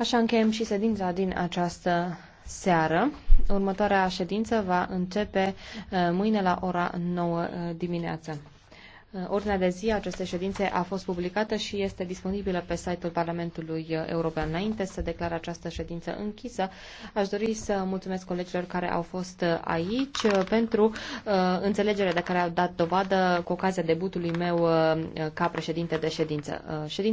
Așa încheiem și sedința din această seară. Următoarea ședință va începe uh, mâine la ora 9 uh, dimineață. Uh, ordinea de zi a acestei ședințe a fost publicată și este disponibilă pe site-ul Parlamentului European. Înainte să declar această ședință închisă, aș dori să mulțumesc colegilor care au fost aici pentru uh, înțelegerea de care au dat dovadă cu ocazia debutului meu uh, ca președinte de ședință. Uh, ședință